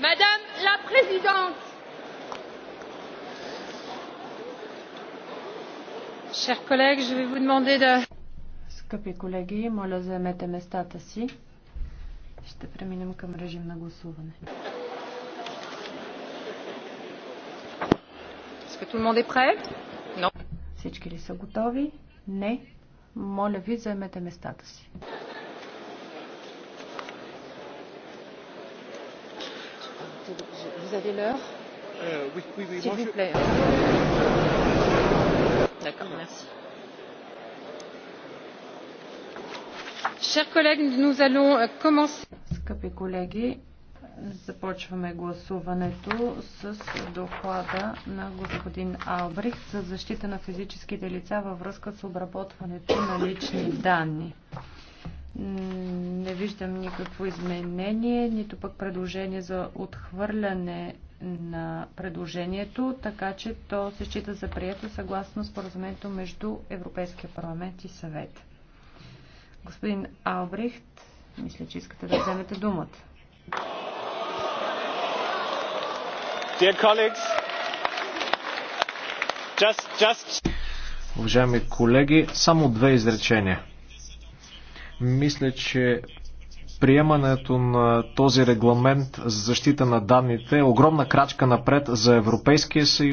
Madame la Présidente, chers collègues, je vais vous demander de... Скъпи колеги, моля заемете местата си. Ще преминем към режим на гласуване. Est-ce que tout le monde est prêt? Non. Всички ли са готови? Не. Моля ви, заемете местата си. Euh, Chers collègues, nous allons euh, commencer. Скъпи колеги, започваме гласуването с доклада на господин Албрих за защита на физическите лица във връзка с обработването на лични данни. Не виждам никакво изменение, нито пък предложение за отхвърляне на предложението, така че то се счита за прието съгласно споразумението между Европейския парламент и съвет. Господин Албрихт, мисля, че искате да вземете думата. Dear colleagues, just, just... Уважаеми колеги, само две изречения. Мисля, че приемането на този регламент за защита на данните е огромна крачка напред за Европейския съюз.